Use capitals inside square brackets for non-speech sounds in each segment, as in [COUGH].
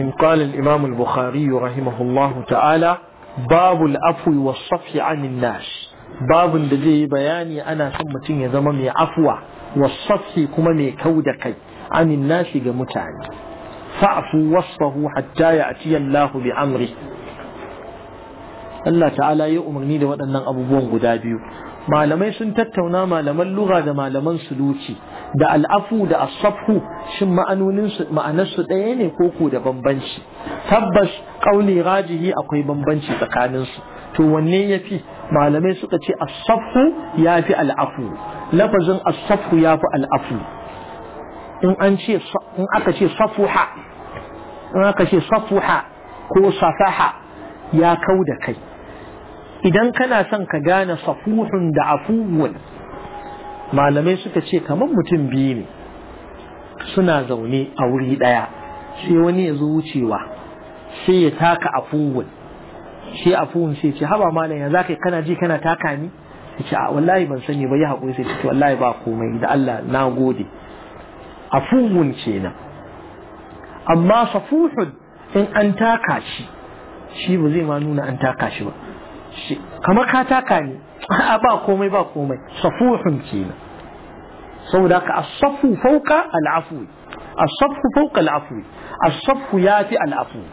إن قال الإمام البخاري رحمه الله تعالى باب العفو والصفح عن الناس باب الذي بياني أنا ثم تنيا زمامي عفوة والصفح كما كودك كودكي عن الناس جمتعد فأفو وصفه حتى يأتي الله بأمره Allah ta'ala ya umarni da waɗannan abubuwan guda biyu malamai sun ما لم اللغة ما لم suluki da al'afu da asafu shin ma'anonin su ma'anar su ɗaya ne ko ko da bambanci tabbas ƙauli rajihi akwai bambanci tsakanin su to wanne yafi malamai suka ce asafu ya fi al'afu lafazin asafu ya fi al'afu in an ce in aka ce safuha in aka ce safuha ko safaha ya kau da kai idan kana son ka gane safuhun da afuwun malamai suka ce kamar mutum biyu ne suna zaune a wuri ɗaya sai wani ya zo wucewa sai ya taka afuwun sai fungun sai ce haba malam ya zaka kana ji kana taka ni ya ce a wallahi ban sani ba ya haƙuri sai ce wallahi ba komai da Allah na gode afuwun kenan amma safuhun in an taka shi shi ba zai ma nuna an taka shi ba kamar ka taka ni [LAUGHS] a ba komai ba komai safuhun kenan saboda haka as-saffu fawqa al-afwi as-saffu fawqa al-afwi as-saffu yafi al-afwi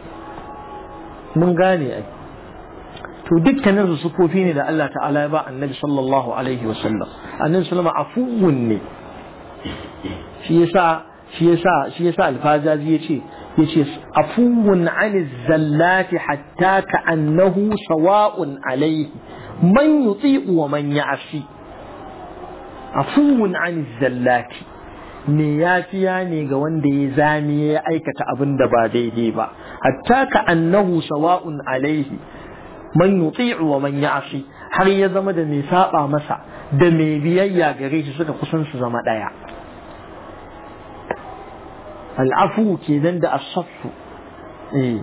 mun gane ai to dukkanin su sufofi ne da Allah ta'ala ya ba annabi sallallahu alaihi wa sallam annabi sallama afuwun ne shi yasa shi yasa shi yasa alfazaji yace yace afuwun an zallati hatta ka'annahu sawa'un alaihi man yuti'u wa man ya'si عفو عن الزلات me yafiya ne ga wanda ya zame ya aikata abin da ba daidai ba hatta ka annahu sawa'un alaihi man yuti'u wa man ya'si har ya zama da mai saba masa da mai biyayya gare shi suka kusan su zama daya al'afu kenan da as-saffu eh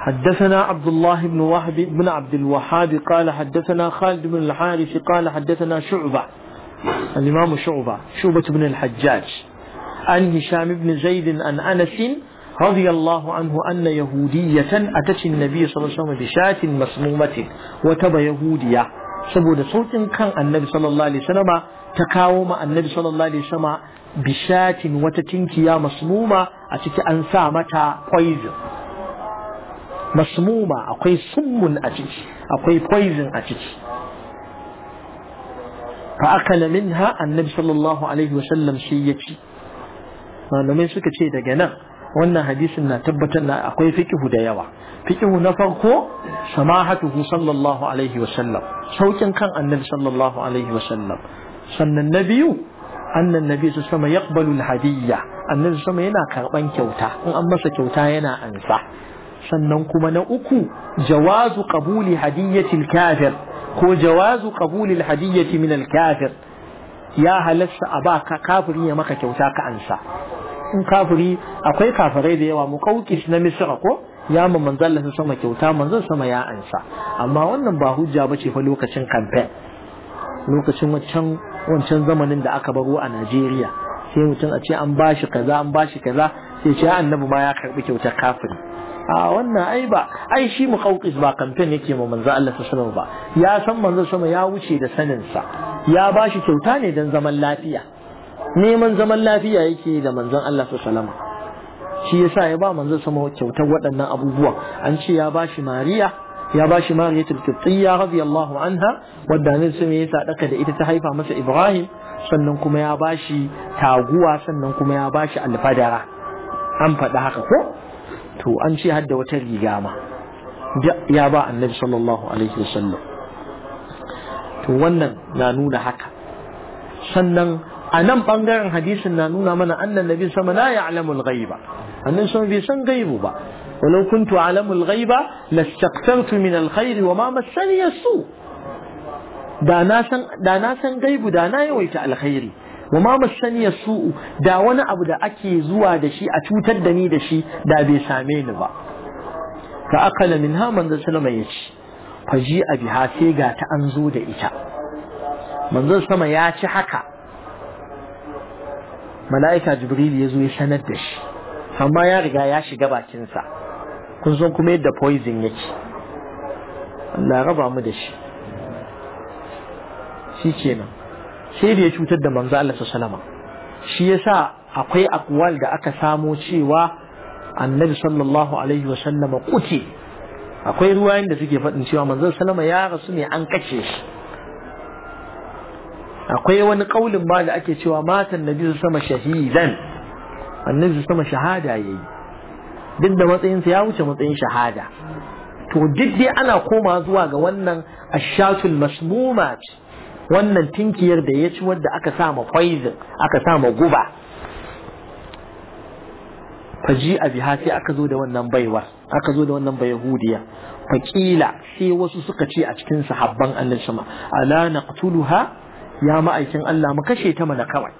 حدثنا عبد الله بن وهب بن عبد الوهاب قال حدثنا خالد بن الحارث قال حدثنا شعبة الإمام شعبة شعبة بن الحجاج عن هشام بن زيد عن أنس رضي الله عنه أن يهودية أتت النبي صلى الله عليه وسلم بشاة مسمومة وتب يهودية سبود صوت كان النبي صلى الله عليه وسلم تكاوم النبي صلى الله عليه وسلم بشاة وتتنكي مسمومة أتت أنسى متى قويز مسمومة أقوي سم أتت أقوي قويز أتت فأكل منها النبي صلى الله عليه وسلم شيئتي malamai suka ce daga nan wannan hadisin na tabbatar na akwai fikihu da yawa fikihu na farko samahatuhu sallallahu alaihi wa sallam saukin kan annabi sallallahu alaihi wa sallam sannan na biyu annan nabi su sama yaqbalu alhadiyya annabi sama yana karɓan kyauta in an masa kyauta yana ansa sannan kuma na uku jawazu qabuli hadiyatil kafir ko jawazu qabulil hadiyyati min al-kafir ya halasta a ba ka kafiri ya maka kyauta ka ansa in kafiri akwai kafirai da yawa muqawqis na misra ko ya ma manzalla sun sama kyauta manzon sama ya ansa amma wannan ba hujja bace fa lokacin campaign lokacin wancan wancan zamanin da aka baro a Najeriya sai mutum a ce an bashi kaza an bashi kaza sai ce annabi ma ya karbi kyautar kafiri a wannan ai ba ai shi muqawqis ba kamfen yake ma manzo Allah sallallahu ba ya san manzo sama ya wuce da sanin sa ya bashi kyauta ne dan zaman lafiya neman zaman lafiya yake da manzo Allah sallama. shi yasa ya ba manzo sama kyautar waɗannan abubuwan an ce ya bashi Mariya ya bashi Mariya tilkiyya radiyallahu anha wadda ne sun yi sadaka da ita ta haifa masa Ibrahim sannan kuma ya bashi taguwa sannan kuma ya bashi alfadara an faɗi haka ko to an ce hadda wata riga ma ya ba annabi sallallahu alaihi wasallam to wannan na nuna haka sannan a nan bangaren hadisin na nuna mana annan nabi sama la ya'lamu al-ghaiba annan sama bai san gaibu ba walau kuntu a'lamu al-ghaiba lastaqtartu min al-khair wa ma massani yasu da na san da na san gaibu da na yawaita alkhairi wama ma ya su'u da wani abu da ake zuwa da shi a cutar da ni da shi da bai same ni ba ka akala min ha manzo sallama ya ci fa ji a biha sai ga ta an zo da ita manzo sama ya ci haka mala'ika jibril ya zo ya sanar da shi amma ya riga ya shiga bakinsa kun san kuma yadda poison yake Allah raba mu da shi shi kenan sai da ya cutar da manzo Allah sallama shi yasa akwai akwal da aka samo cewa annabi sallallahu alaihi wa sallama kuti akwai ruwayoyin da suke faɗin cewa manzo sallama ya rasu ne an kace shi akwai wani kaulin ba da ake cewa matan nabi sama shahidan annabi sama shahada yayi duk da matsayinsa ya wuce matsayin shahada to duk dai ana koma zuwa ga wannan ashatul masmumat wannan tinkiyar da ya ci wadda aka sa ma poison aka sa ma guba faji a biha sai aka zo da wannan baiwa aka zo da wannan bai bayahudiya faƙila sai wasu suka ce a cikin sahabban annabi sama ala naqtuluha ya ma'aikin Allah mu kashe ta mana kawai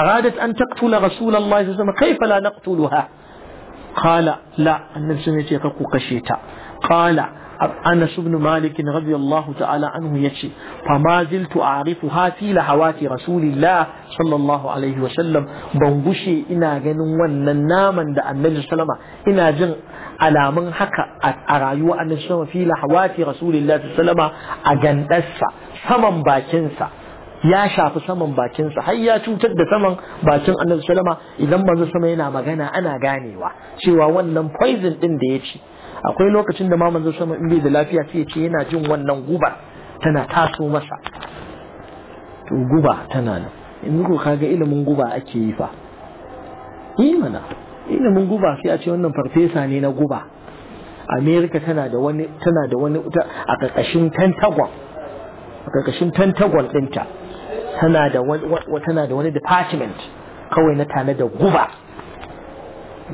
aradat an taqtula rasulullahi sallallahu alaihi wasallam kaifa la naqtuluha qala la annabi sai ya ce ka ku kashe ta qala Anas ibn Malik radiyallahu ta'ala anhu yace fa ma ziltu a'rifu hafi lahawati rasulillah sallallahu alaihi wa sallam ban gushe ina ganin wannan naman da annabi sallama ina jin alamun haka a rayuwa annabi sallama fi lahawati rasulillah sallama a gandarsa saman bakinsa ya shafi saman bakinsa har ya cutar da saman bakin annabi sallama idan manzo sama yana magana ana ganewa cewa wannan poison ɗin da ya ci akwai lokacin da mamman zai sama in bai da lafiya sai ya ce yana jin wannan guba tana taso masa to guba tana nan in ko kaga ilimin guba ake yi fa yi mana ilimin guba sai a ce wannan farfesa ne na guba amerika tana da wani tana da wani a ƙarƙashin tentagon a ƙarƙashin tentagon ɗinta tana da wani tana da wani department kawai na tana da guba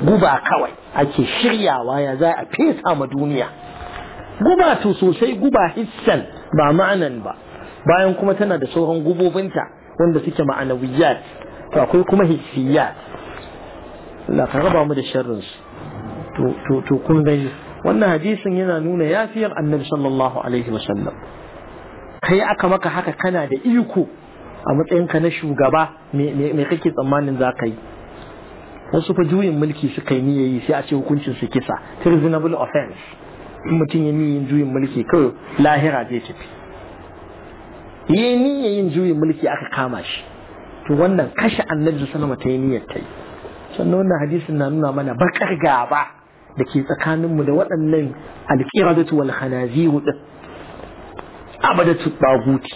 guba kawai ake shiryawa ya za a fesa ma duniya guba to sosai guba hissan ba ma'anan ba bayan kuma tana da sauran gubobinta wanda suke ma'anawiyat to akwai kuma hissiyat Allah ka raba mu da sharrin su to to kun gani wannan hadisin yana nuna yafiyar annabi sallallahu alaihi wasallam kai aka maka haka kana da iko a matsayinka na shugaba me kake tsammanin za ka yi wasu fa juyin mulki suka yi niyya yi sai a ce hukuncin su kisa reasonable offense in mutum ya niyya juyin mulki kawai lahira zai tafi yi niyya yin juyin mulki aka kama shi to wannan kashe annabi sallama ta yi niyyar ta yi sannan wannan hadisin na nuna mana bakar gaba da ke tsakaninmu da waɗannan alƙiradatu wal khanaziru din abadatu baguti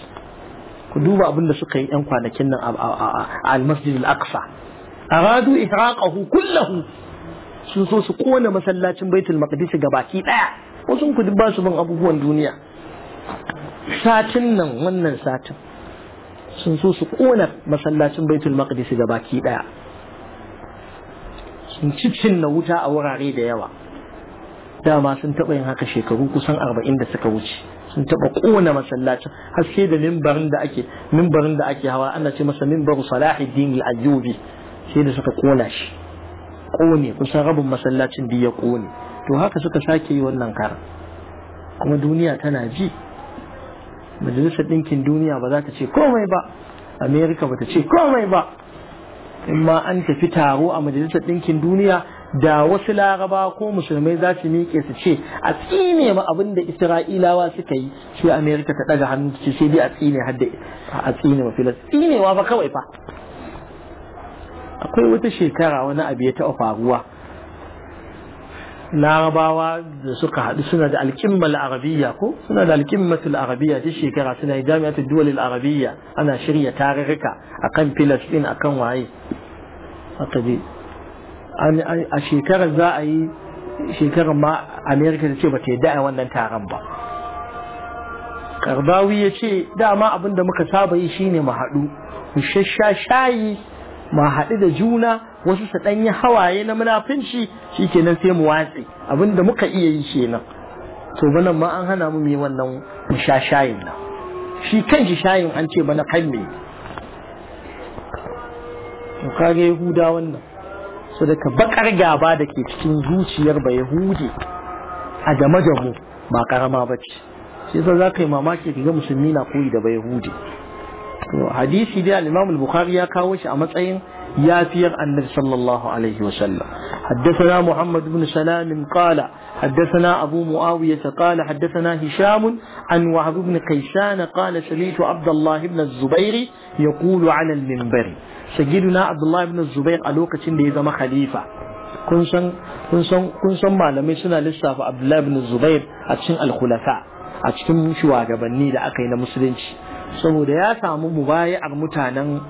ku duba abin da suka yi yan kwanakin nan a al-masjid al-aqsa aradu ihraqahu kullahu sun so su kona masallacin baitul maqdis gabaki daya wasu ku duk ba su bin abubuwan duniya satin nan wannan satin sun so su kona masallacin baitul maqdis gabaki daya sun cin na wuta a wurare da yawa dama sun taɓa yin haka shekaru kusan arba'in da suka wuce sun taɓa kona masallacin har sai da mimbarin da ake mimbarin da ake hawa ana ce masa mimbaru salahuddin al-ayyubi sai da suka kona shi kone kusan rabin masallacin da ya kone to haka suka sake yi wannan kara kuma duniya tana ji majalisar ɗinkin duniya ba za ta ce komai ba amerika ba ta ce komai ba in ma an tafi taro a majalisar ɗinkin duniya da wasu laraba ko musulmai za su miƙe su ce a tsine ma abin da isra'ilawa suka yi sai amerika ta ɗaga hannu ce sai dai a tsine hadda a tsine ma filas tsinewa ba kawai fa akwai wata shekara wani abu ya taɓa faruwa larabawa da suka haɗu suna da alƙimmal arabiya ko suna da alƙimmatul arabiya ta shekara suna yi ta duwalil arabiya ana shirya tarurruka akan filastin akan waye aka bi a shekarar za a yi shekarar ma amerika ta ce ba ta yi da'a wannan taron ba karbawi ya ce dama abin da muka saba yi shine mu haɗu mu shasha shayi ma haɗu da juna wasu su ɗanyi hawaye na munafinci shi kenan sai mu watse abinda muka iya yi kenan to banan ma an hana mu mai wannan mu sha shayin nan shi kan shi shayin an ce bana kan me to kage yahuda wannan so daga bakar gaba da ke cikin zuciyar ba yahudi a game da mu ba karama ba ce sai za ka yi mamaki ga musulmi na koyi da ba yahudi hadisi dai al-Imam al-Bukhari ya kawo shi a matsayin yafiyar Annabi sallallahu alaihi wa sallam haddathana Muhammad ibn Salam qala حدثنا أبو معاوية قال حدثنا هشام عن وهب بن كيسان قال سمعت عبد الله بن الزبير يقول على المنبر سجدنا عبد الله بن الزبير على وقت اللي زما خليفة kun san kun san kun san malamai suna lissafa Abdullah ibn Zubair a cikin al-khulafa a cikin shugabanni da aka yi na musulunci saboda ya samu mubaya'ar mutanen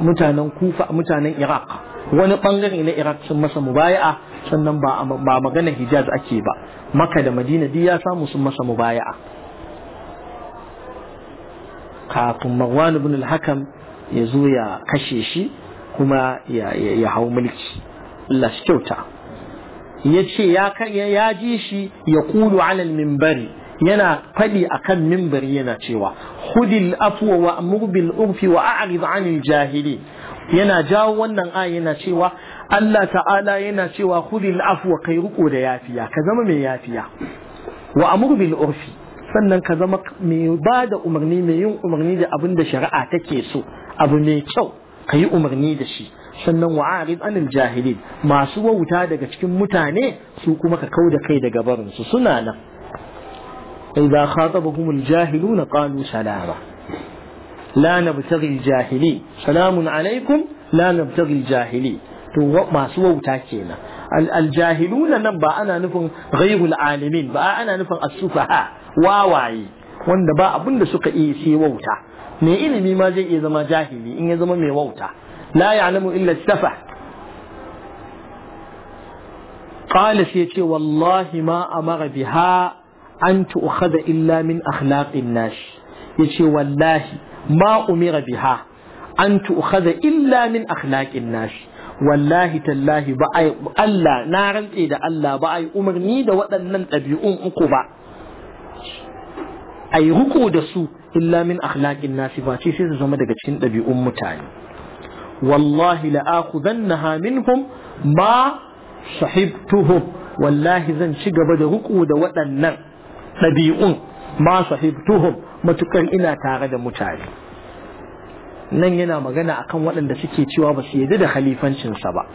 mutanen kufa mutanen iraq wani bangare na iraq sun masa mubaya'a sannan ba ba magana hijaz ake ba maka da madina duk ya samu sun masa mubaya'a kafin marwan ibn al-hakam ya zo ya kashe shi kuma ya hau mulki Allah shi kyauta ya ce ya ji shi ya kulu alal mimbari yana faɗi akan mimbari yana cewa hudil afuwa wa urfi wa a'rid anil jahili yana jawo wannan aya yana cewa Allah ta'ala yana cewa hudil afuwa kai riko da yafiya ka zama mai yafiya wa urfi sannan ka zama mai ba da umarni mai yin umarni da abin da shari'a take so abu mai kyau ka yi umarni da shi sannan wa'arid anil jahilin masu wauta daga cikin mutane su kuma ka kau da kai daga barinsu suna nan إذا خاطبهم الجاهلون قالوا سلاما لا نبتغي الجاهلين سلام عليكم لا نبتغي الجاهلين تو ما سوى وتاكينا الجاهلون نبا أنا نفن غير العالمين بقى أنا نفن السفهاء واواي وان با ابن سوك اي سي ووتا مي علمي ما زي إذا زما جاهلي ان يزما مي ووتا لا يعلم الا السفه قال سيتي والله ما امر بها أن تؤخذ إلا من أخلاق الناس يتي والله ما أمر بها أن تؤخذ إلا من أخلاق الناس والله تالله بأي ألا نارن إيدا ألا بأي أمرني دا وطن من أم أقوبا أي ركو سوء إلا من أخلاق الناس فاتي سيزا زمدا قتشن تبيعون متاني والله لآخذنها منهم ما صحبتهم والله زن شقبد ركو دا وطن ɗabi'un ma sahibtuhum matukar ina tare da mutane nan yana magana akan waɗanda suke cewa ba su yadda da halifancinsa ba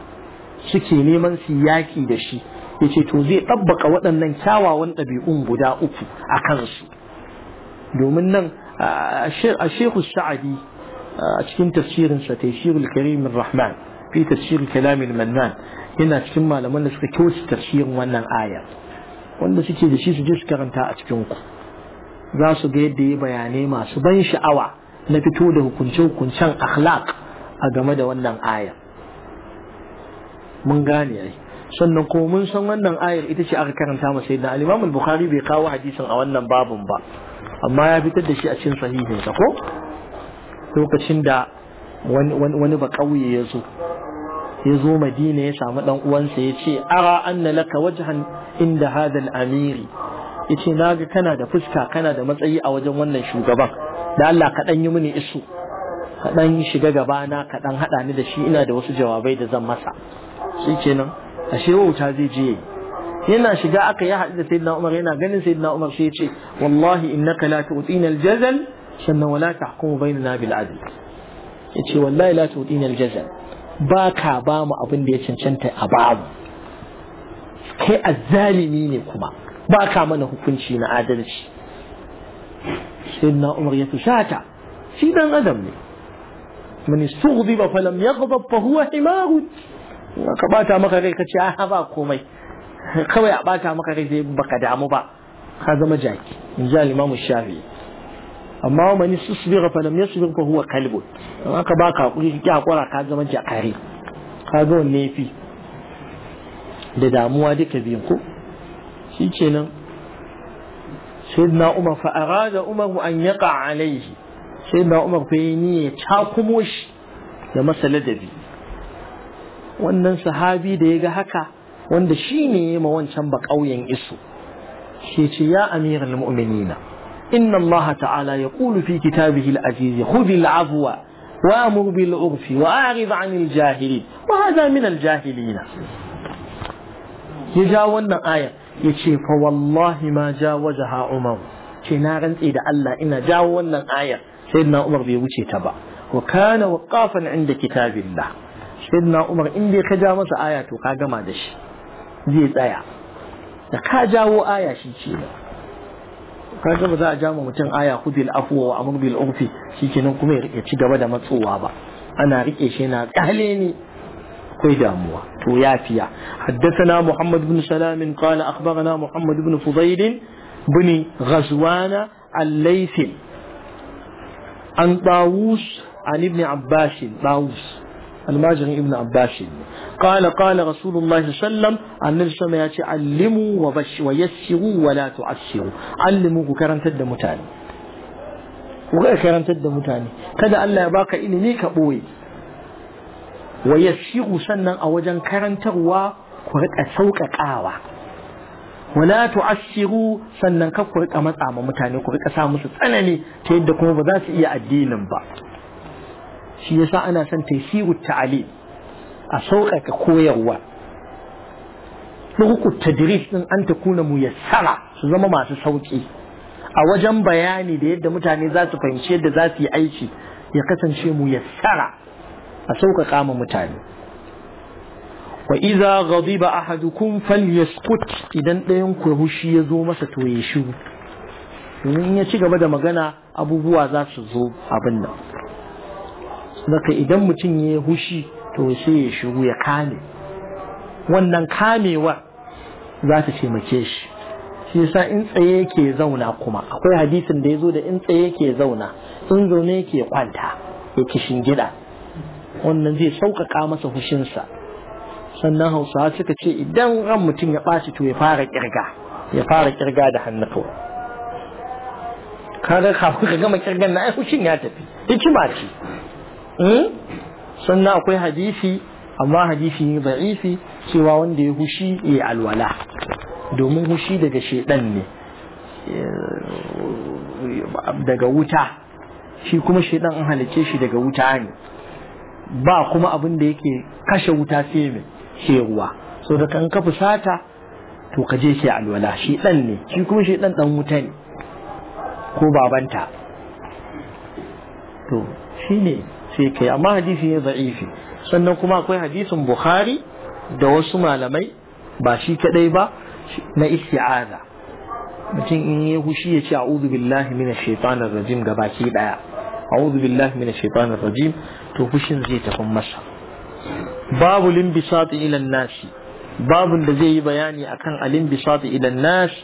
suke neman su yaki da shi yace to zai ɗabbaka waɗannan kyawawan ɗabi'un guda uku a kansu domin nan a shehu sa'adi a cikin tafsirinsa tafsirul karimin rahman fi tafsirul kalamin mannan yana cikin malaman da suka kyauci tafsirin wannan ayar wanda suke da shi su je su karanta a cikin ku za su ga yadda ya bayanai masu ban sha'awa na fito da hukunce-hukuncen akhlaq a game da wannan ayar. mun gane ai sannan kuma mun san wannan ayar ita ce aka karanta masa yadda al-Imam al-Bukhari bai kawo hadisin a wannan babun ba amma ya fitar da shi a cikin sahihinsa ko lokacin da wani ba kauye ya zo ya zo madina ya samu dan uwansa ya ce ara anna laka wajhan inda hadha al-amiri yace naga kana da fuska kana da matsayi a wajen wannan shugaban da Allah ka dan yi mini isu ka dan shiga gaba na ka dan hada ni da shi ina da wasu jawabai da zan masa shi kenan ashe wauta zai je yana shiga aka ya haɗu da sayyidina Umar yana ganin sayyidina Umar sai ya ce wallahi innaka la tu'tina al-jazal sannan wala tahkumu bainana bil adl yace wallahi la tu'tina al-jazal ba ka ba mu abin da ya cancanta a babu kai azzalimi ne kuma ba ka mana hukunci na adalci sai na umar ya fushata shi dan adam ne man ba falam yaghdab fa huwa himaru ka bata maka rai kace a ba komai kawai a bata maka rai zai baka damu ba ka zama jaki in ji al-imamu amma mani su yusbir fa su yasbir fa huwa kalbun don aka ba ka kuri ki hakura ka zama jakari ka ga wanne fi? da damuwa duka biyan ko Sai sayyidina umar fa arada umar an yaqa alaihi sayyidina umar fa yi niyya cakumo shi da masa ladabi wannan sahabi da ya ga haka wanda shi ne ma wancan ba ƙauyen isu Ke ce ya amiral mu'minina إن الله تعالى يقول في كتابه العزيز خذ العفو وامر بالعرف واعرض عن الجاهلين وهذا من الجاهلين يجاولنا آية يشي فوالله ما جاوزها عمر شي شنارن إذا ألا إن جاولنا آية سيدنا عمر بيوشي تبع وكان وقافا عند كتاب الله سيدنا عمر إن إني خجامس آياته قاقما دش زيد آية لكا جاو آية شي شي kaga ba za a jama mutum aya khudil afwa wa amr bil urfi shikenan kuma ya ci gaba da matsuwa ba ana rike shi na kale ne akwai damuwa to yafiya haddathana muhammad ibn salam qala akhbarana muhammad ibn fudayl ibn ghazwan al-laythi an dawus an ibn abbas dawus tawus almajirin ibn abbas qala qala rasulullahi sallam annabi sama ya ce allimu wa bash wa allimu ku karantar da mutane ku karantar da mutane kada Allah ya baka ilimi ka boye wa sannan a wajen karantarwa ku riƙa sauƙaƙawa wala tu'assiru sannan ka ku riƙa matsa ma mutane ku rika sa musu tsanani ta yadda kuma ba za su iya addinin ba shi yasa ana son taysiru ta'alim a sauƙaƙa koyarwa ɗurku tadiris ɗin an ta kuna mu yassara su zama masu sauƙi a wajen bayani da yadda mutane za su fahimci yadda za su yi aiki ya kasance mu yassara a sauƙaƙa ma mutane wa iza ghadiba ahadukum falyaskut idan ɗayan ku hushi ya zo masa to ya shiru domin in ya ci gaba da magana abubuwa za su zo abin nan zaka idan mutum ya hushi to shi ya shigo ya kame wannan kamewar za ta taimake shi shi sa in tsaye yake zauna kuma akwai hadisin da ya zo da in tsaye yake zauna in zaune yake kwanta ya kishin gida wannan zai sauƙaƙa masa hushinsa sannan hausawa suka ce idan ran mutum ya ɓaci to ya fara ƙirga ya fara ƙirga da hannu kawai kaga kafin ka gama ƙirgan na ai hushin ya tafi hikima ce hmm? sannan akwai hadisi amma hadisi ne da'ifi cewa wanda ya hushi ya alwala domin hushi daga shedan ne daga wuta shi kuma shedan an halice shi daga wuta ne ba kuma abin da yake kashe wuta sai mai ke ruwa so da kan kafa fusata to ka je ke alwala shi dan ne shi kuma shi dan dan wuta ne ko babanta to shine sai amma hadisi ne za'ifi sannan kuma akwai hadisin bukhari da wasu malamai ba shi kadai ba na isti'aza mutum in yi hushi ya ce a'udhu billahi minash shaitanir rajim baki daya a'udhu billahi minash shaitanir rajim to hushin zai tafi masa babu limbisati ila nashi babun da zai yi bayani akan alimbisati ila nashi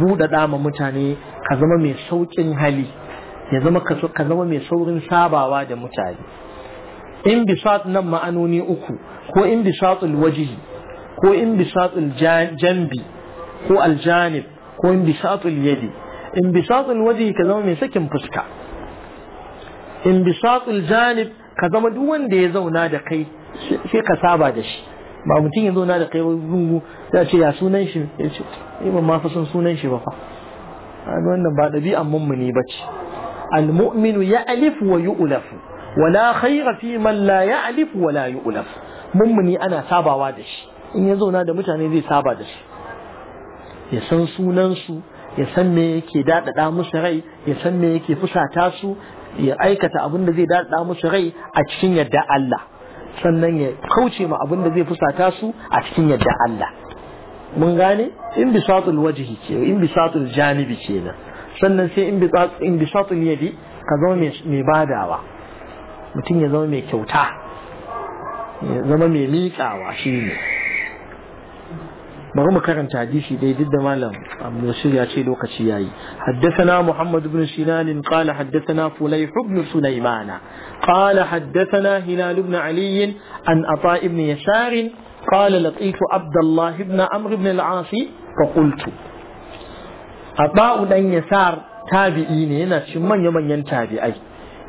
buɗaɗa ma mutane ka zama mai sauƙin hali ya zama ka ka zama mai saurin sabawa da mutane in bisat nan ma'anoni uku ko in bisatul wajihi ko in bisatul jambi ko aljanib ko in bisatul yadi in bisatul wajihi ka zama mai sakin fuska in bisatul janib ka zama duk wanda ya zauna da kai sai ka saba da shi ba mutum ya zauna da kai zungu, za ce ya sunan shi ya ce eh, ban ma fa san sunan shi ba fa wannan ba ɗabi'an mummuni ba ce المؤمن يألف ويؤلف ولا خير في من لا يألف ولا يؤلف mummuni ana sabawa da shi in ya zauna da mutane zai saba da shi ya san sunansu ya san me yake daɗaɗa musu rai ya san me yake fusata su ya aikata abin da zai daɗaɗa musu rai a cikin yadda Allah sannan ya kauce ma abin da zai fusata su a cikin yadda Allah mun gane in bisatul wajhi ke in bisatul janibi kenan sannan sai in in bi shatul yadi ka zama mai badawa mutum ya zama mai kyauta ya zama mai miƙawa shi ne bari mu karanta hadisi dai duk da malam Abu Nasir ya ce lokaci yayi haddathana Muhammad ibn Sinan qala haddathana Fulayh ibn Sulaiman qala haddathana Hilal ibn Ali an Ata ibn Yashar qala laqitu Abdullah ibn Amr ibn al-As fa Aba'u dan Yasar tabi'i ne yana cikin manya-manyan tabi'ai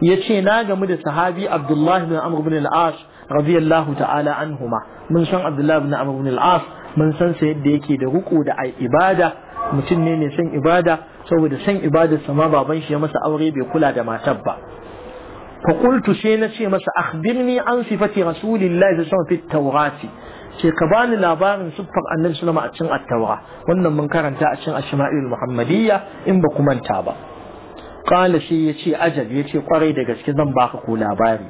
yace na gamu da sahabi Abdullahi bin Amr al-As radiyallahu ta'ala anhuma mun san Abdullahi bin Amr al-As mun san sa yadda yake da ruku da ai ibada mutum ne mai san ibada saboda san ibada sama ma baban shi ya masa aure bai kula da matar ba fa qultu sai na ce masa akhbirni an sifati rasulillahi sallallahu alaihi wasallam fi tawrati ce ka bani labarin siffar annabi sallama a cikin attaura wannan mun karanta a cikin ashma'il muhammadiyya in ba ku manta ba qala shi yace ajab yace kwarai da gaske zan baka ku labari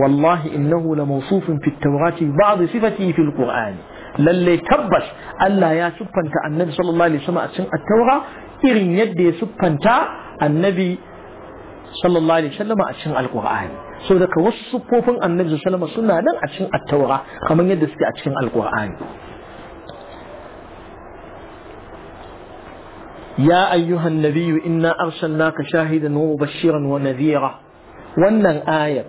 wallahi innahu la mawsufun fi at-taurati ba'd sifatihi fi al-qur'an lalle tabbas Allah ya siffanta annabi sallallahu alaihi wasallam a cikin attaura irin yadda ya siffanta annabi sallallahu alaihi wasallam a cikin al-qur'ani so daga wasu sufofin annabi sallama suna nan a cikin attaura kamar yadda suke a cikin alkur'ani na inna النبي إنا أرسلناك bashirin wa ونذيرا wannan ayar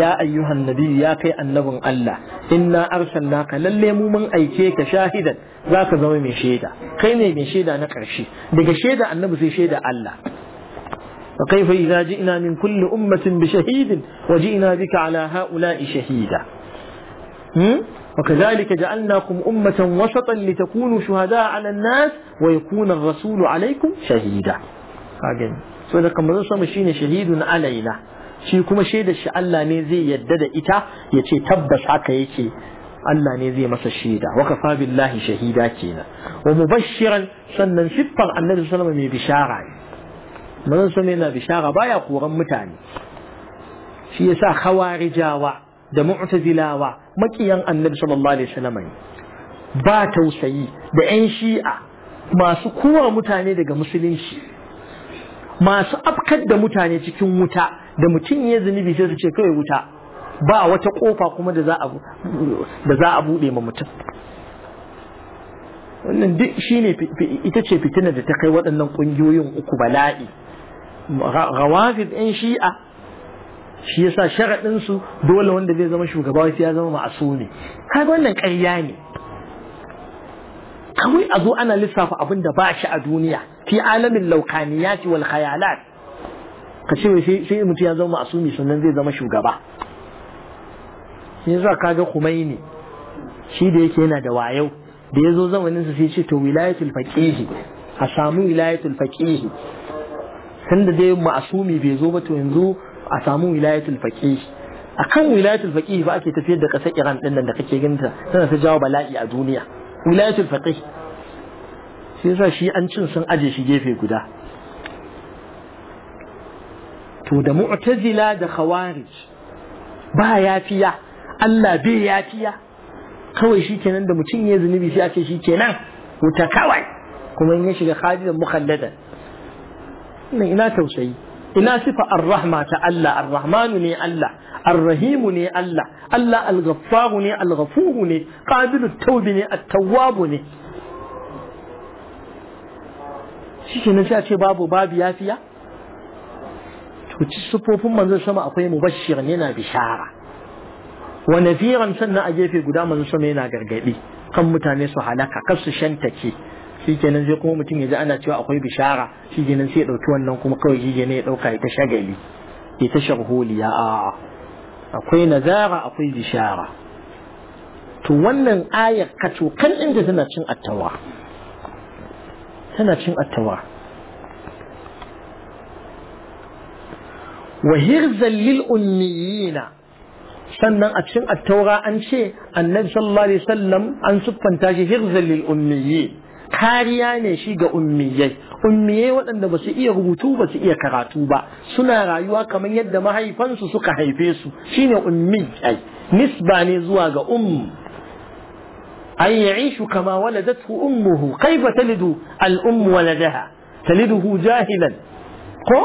ya ayyuhan Nabiyu ya kai annabin Allah inna arsalnaka lalle mu mun aike ka shahidan zaka zama mai shaida kai ne mai shaida na karshe daga shaida annabi sai shaida Allah فكيف إذا جئنا من كل أمة بشهيد وجئنا بك على هؤلاء شهيدا وكذلك جعلناكم أمة وسطا لتكونوا شهداء على الناس ويكون الرسول عليكم شهيدا saboda kamar sama shine shahidun alaina shi kuma shaidar shi Allah ne zai yadda da ita ya ce tabbas haka yake Allah ne zai masa shaida wa kafa billahi shahida kenan wa mubashiran sannan siffar annabi sallallahu alaihi wasallam mai bishara ne manzon sama yana bishara baya koran mutane shi yasa khawarijawa da mu'tazilawa makiyan annabi sallallahu alaihi wasallam ba tausayi da yan shi'a masu kowa mutane daga musulunci masu afkar da mutane cikin wuta da mutum ya zunubi sai su ce kawai wuta ba wata kofa kuma da za a bude ma mutum wannan duk shine ita ce fitina da ta kai waɗannan ƙungiyoyin uku bala'i rawafid ɗin shi'a shi yasa sharaɗin su dole wanda zai zama shugaba sai ya zama ma'asu ne wannan ƙarya ne kawai a zo ana lissafa abin da ba shi a duniya fi alamin laukaniyati wal khayalat ka ce sai mutum ya zama ma'asumi sannan zai zama shugaba yanzu ka ga Khomeini shi da yake yana da wayau da ya zo zamaninsa sai ce to wilayatul faqih a samu wilayatul faqih sanda dai ma'asumi bai zo ba to yanzu a samu wilayatul faqih akan wilayatul faqih ba ake tafiyar da kasar Iran din nan da kake ganta tana ta jawo bala'i a duniya wilayatul faqih sai yasa shi an cin sun aje shi gefe guda to da mu'tazila da khawarij ba yafiya Allah bai yafiya kawai shi kenan da mutum ya zunubi sai a ce shi kenan wuta kawai kuma in ya shiga khalidan mukhalladan wannan ina tausayi ina sifa ar-rahma ta Allah ar-rahmanu ne Allah ar-rahimu ne Allah Allah al-ghaffaru ne al-ghafuru ne qabilu tawbi ne at-tawwabu ne shike ne sai a ce babu babu yafiya to ci sufofin manzon sama akwai mubashshir ne na bishara wa nafiran sannan a gefe guda manzon sama yana gargadi kan mutane su halaka kar su shantake shikenan sai kuma mutum ya ji ana cewa akwai bishara shikenan sai ya dauki wannan kuma kawai shikenan ya dauka ita shagali ita ta sharholiya a akwai nazara akwai bishara to wannan ayar kacu kan inda tana cin attawa tana cin attawa wa hirzan lil ummiyina sannan a cikin attaura an ce annabi sallallahu alaihi wasallam an siffanta shi hirzan lil ummiyin kariya ne shi ga ummiyai ummiyai waɗanda ba su iya rubutu ba su iya karatu ba suna rayuwa kamar yadda mahaifansu suka haife su shine ummiyai nisba ne zuwa ga um an ya'ishu kama waladatu ummuhu kaifa talidu al um waladaha taliduhu jahilan ko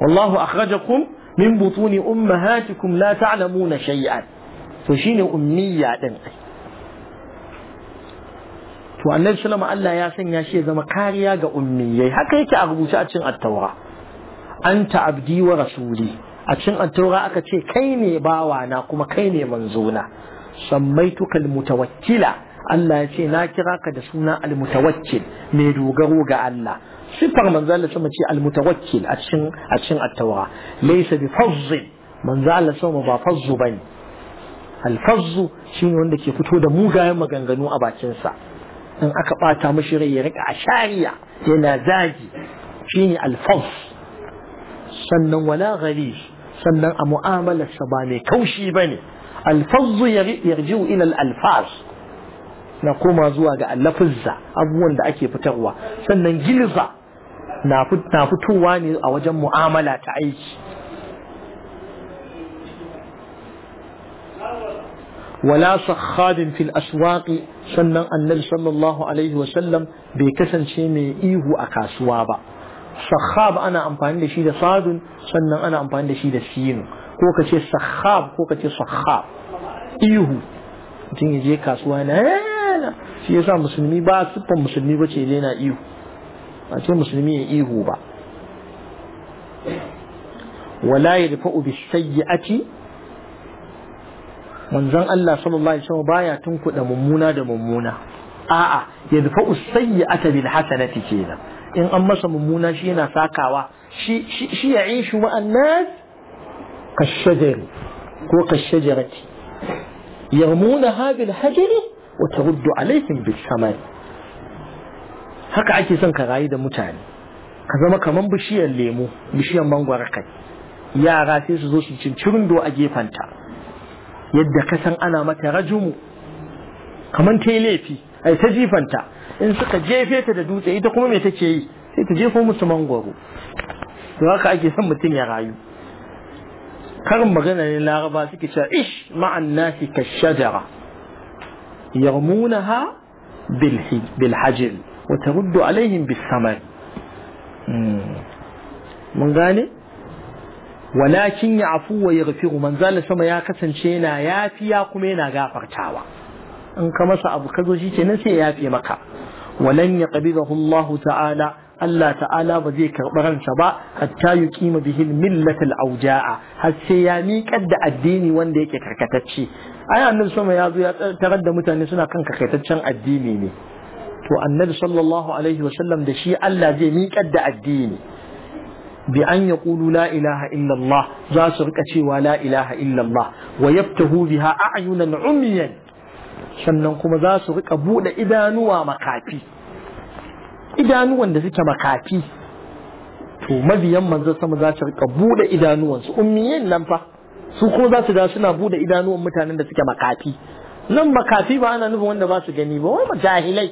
wallahu akhrajakum min butuni ummahatikum la ta'lamuna shay'an to shine ummiya din ai to annabi sallama Allah ya sanya shi ya zama kariya ga ummiyai haka yake a rubuce a cikin attaura anta abdi wa rasuli a cikin attaura aka ce kai ne bawa na kuma kai ne manzona kal mutawakkila Allah ya ce na kira ka da suna almutawakkil mai dogaro ga Allah sifar manzo Allah sama ce almutawakkil a cikin a cikin attaura laysa bi fazzin manzo Allah sama ba fazzu bane alfazzu shine wanda ke fito da mugayen maganganu a bakinsa in aka ɓata mashi rai ya rika a shariya yana zagi shine alfons sannan wala ghali sannan a mu'amalarsa ba mai kaushi ba ne alfazzu yarjiu ila alfaz na koma zuwa ga allafizza abubuwan da ake fitarwa sannan gilza na fitowa ne a wajen mu'amala ta aiki wala sakhadin fil aswaqi sannan annabi sallallahu bai kasance mai ihu a kasuwa ba sakhab ana amfani da shi da sadun sannan ana amfani da shi da sinu ko ka ce sakhab ko ka ce sakhab ihu mutum ya je kasuwa na shi yasa musulmi ba siffan musulmi ba yana ihu ba ce musulmi ya ihu ba wala sayyi'ati manzon Allah sallallahu alaihi wasallam baya tunkuda mummuna da mummuna a'a yadfa usayyi'ata bil hasanati kenan in an masa mummuna shi yana sakawa shi shi ya ishu ma'an nas kashajari ko kashajarati yarmunaha bil hajri wa taruddu alaihim bis samai haka ake son ka rayu da mutane ka zama kaman bishiyar lemu bishiyar mangwara kai yara sai su zo su cincirin do a gefanta yadda ka san ana mata rajumu kaman ta yi laifi ai ta jifanta in suka jefe ta da dutse ita kuma me take yi sai ta jefo musu mangwaro to haka ake son mutum ya rayu karin magana ne laraba suke cewa ish ma'an nasi ka shajara yarmunaha bil hajil wa taruddu alaihim bis samari mun gane ولكن يعفو ويغفر من ذا لسما يا كسن شينا يا فيا كمينا غافر تاوى ان كما سأبو كذو شي يا في مكة ولن يقبضه الله تعالى الله تعالى وذيك بغن شباء حتى يقيم به الملة الأوجاء هل سيامي كد الدين وان ديك كركتتشي أي أن السماء يا ذي تغدى متنسنا كان كركتتشان الدين مني وأن النبي صلى الله عليه وسلم دشي الله زي مي كد bi an yaqulu la ilaha illa za su rika cewa la'ilaha illallah. illa wa yaftahu biha a'yunan umiyan sannan kuma za su rika buɗe idanuwa makafi idanuwan da suke makafi to mabiyan manzon sama za su rika bude idanuwansu ummiyan nan fa su ko za su da suna buɗe idanuwan mutanen da suke makafi nan makafi ba ana nufin wanda ba su gani ba wai jahilai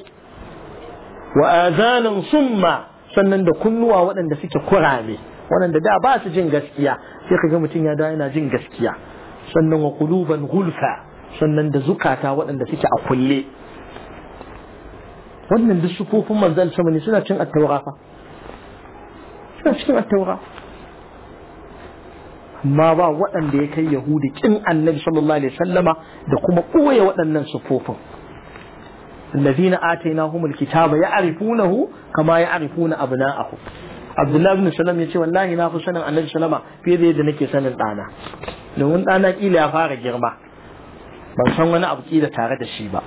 wa azanan summa sannan da kunnuwa waɗanda suke kurame waɗanda da ba su jin gaskiya sai ka ga mutum ya da yana jin gaskiya sannan wa quluban gulfa sannan da zukata waɗanda suke a kulle wannan duk sufofin manzan sama ne suna cin at-tawra fa suna cin at-tawra amma ba waɗanda ya kai yahudi kin annabi sallallahu alaihi wasallama da kuma koyewa waɗannan sufofin الذين آتيناهم الكتاب يعرفونه كما يعرفون أبناءهم عبد الله بن سلام يقول والله ناف سنة عن النبي سلام في ذي ذنك سنة أنا لو أنت أنا إلى فارق جربا من سمع أنا أبكي إذا تعرض الشيبة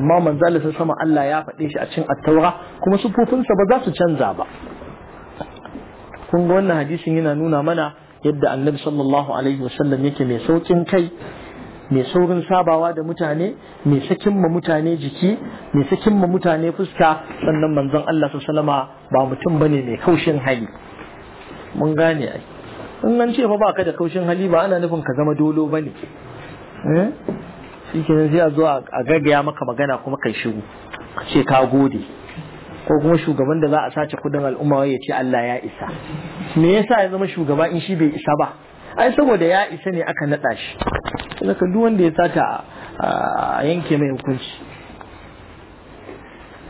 أما من ذل سلام الله يعرف ليش أشين التوراة كم سبحان سبحان سبحان زابا كم قلنا حديث هنا نونا منا يبدأ النبي صلى الله عليه وسلم يكمل صوت كي mai saurin sabawa da mutane mai sakin ma mutane jiki mai sakin ma mutane fuska sannan manzon Allah sallama ba mutum bane mai kaushin hali mun gane ai in nan ce fa baka da kaushin hali ba ana nufin ka zama dolo bane eh shi kenan sai a zo a gaggaya maka magana kuma kai shiru. ka ce ka gode ko kuma shugaban da za a sace kudin al'umma ya ce Allah ya isa me yasa ya zama shugaba in shi bai isa ba ai saboda ya isa ne aka naɗa shi saka duk wanda ya sata a yanke mai hukunci